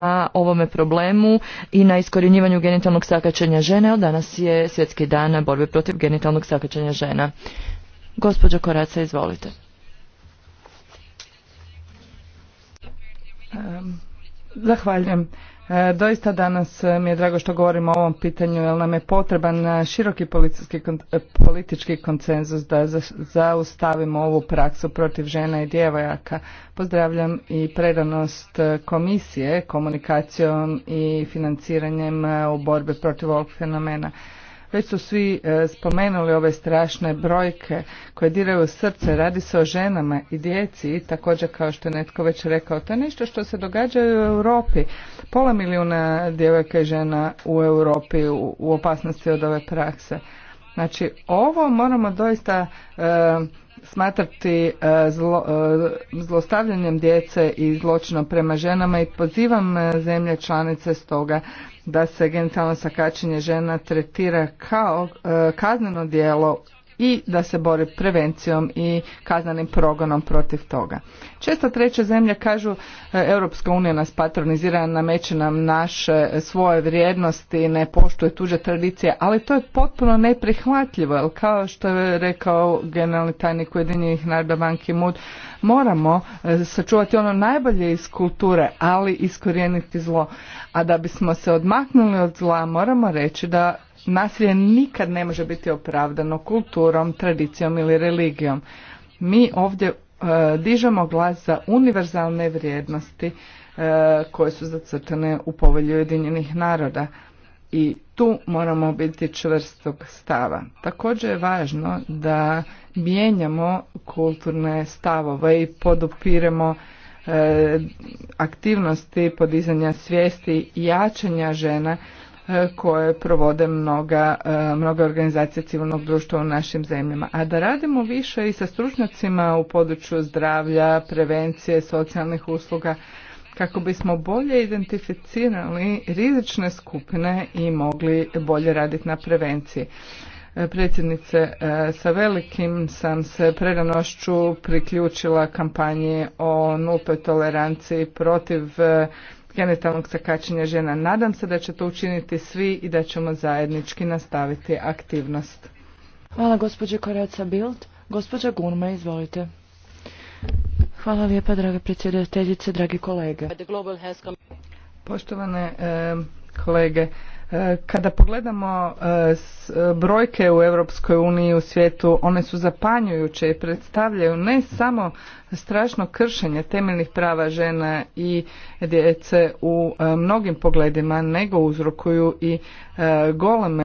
na ovome problemu i na iskorjenjivanju genitalnog sakačenja žene, od danas je svjetski dan borbe protiv genitalnog sakačenja žena. Gospođo Koraca, izvolite. Ehm, zahvaljujem. E, doista danas e, mi je drago što govorimo o ovom pitanju jer nam je potreban e, široki politički konsenzus da zaustavimo ovu praksu protiv žena i djevojaka. Pozdravljam i predanost komisije komunikacijom i financiranjem u borbi protiv ovog fenomena. Već su svi e, spomenuli ove strašne brojke koje diraju srce, radi se o ženama i djeci i također kao što je netko već rekao, to je nešto što se događa u Europi. Pola milijuna djevojka i žena u Europi u opasnosti od ove prakse. Znači, ovo moramo doista eh, smatrati eh, eh, zlostavljanjem djece i zločinom prema ženama i pozivam zemlje članice stoga da se genitalno sakačenje žena tretira kao kazneno djelo i da se bori prevencijom i kaznanim progonom protiv toga. Često treće zemlje kažu e, Europska unija nas patronizira, nameće nam naše e, svoje vrijednosti, ne poštuje tuđe tradicije, ali to je potpuno neprihvatljivo, jer kao što je rekao generalni tajnik Ujedinjenih naroda Banki ki moramo e, sačuvati ono najbolje iz kulture, ali iskorijeniti zlo. A da bismo se odmaknuli od zla, moramo reći da Nasilje nikad ne može biti opravdano kulturom, tradicijom ili religijom. Mi ovdje e, dižemo glas za univerzalne vrijednosti e, koje su zacrtane u povelju Ujedinjenih naroda i tu moramo biti čvrstog stava. Također je važno da mijenjamo kulturne stavove i podupiremo e, aktivnosti podizanja svijesti i jačanja žena koje provode mnoga, e, mnoga organizacije civilnog društva u našim zemljama. A da radimo više i sa stručnjacima u području zdravlja, prevencije, socijalnih usluga, kako bismo bolje identificirali rizične skupine i mogli bolje raditi na prevenciji. E, predsjednice, e, sa velikim sam se predanošću priključila kampanji o nultoj toleranciji protiv genitalnog sakačenja žena. Nadam se da će to učiniti svi i da ćemo zajednički nastaviti aktivnost. Hvala gospođe Koreca Bild. Gospođa Gurma, izvolite. Hvala lijepa, draga predsjedateljice, dragi kolege. Poštovane eh, kolege, E, kada pogledamo e, e, brojke u Europskoj uniji u svijetu, one su zapanjujuće i predstavljaju ne samo strašno kršenje temeljnih prava žena i djece u mnogim pogledima, nego uzrokuju i goleme